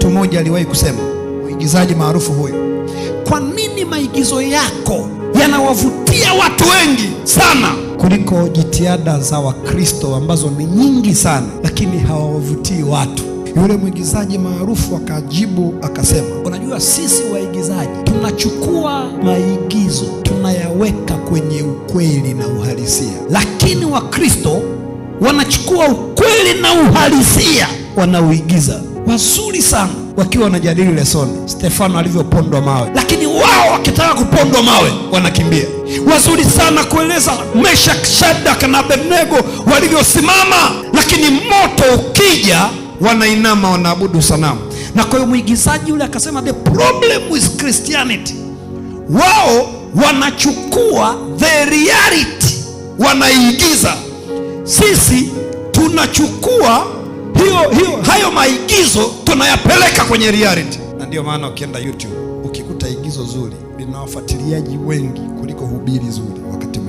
Mtu mmoja aliwahi kusema, mwigizaji maarufu huyo, kwa nini maigizo yako yanawavutia watu wengi sana kuliko jitihada za Wakristo ambazo ni nyingi sana, lakini hawawavutii watu? Yule mwigizaji maarufu akajibu akasema, unajua sisi waigizaji tunachukua maigizo tunayaweka kwenye ukweli na uhalisia, lakini Wakristo wanachukua ukweli na uhalisia wanaoigiza wazuri sana, wakiwa wanajadili lesoni, Stefano alivyopondwa mawe, lakini wao wakitaka kupondwa mawe wanakimbia. Wazuri sana kueleza Meshak, Shadraka na Abednego walivyosimama, lakini moto ukija wanainama, wanaabudu sanamu. Na kwa hiyo mwigizaji yule akasema the problem is Christianity, wao wanachukua the reality wanaigiza. sisi tunachukua hiyo hiyo, hayo maigizo tunayapeleka kwenye reality, na ndio maana ukienda YouTube ukikuta igizo zuri lina wafuatiliaji wengi kuliko hubiri zuri wakati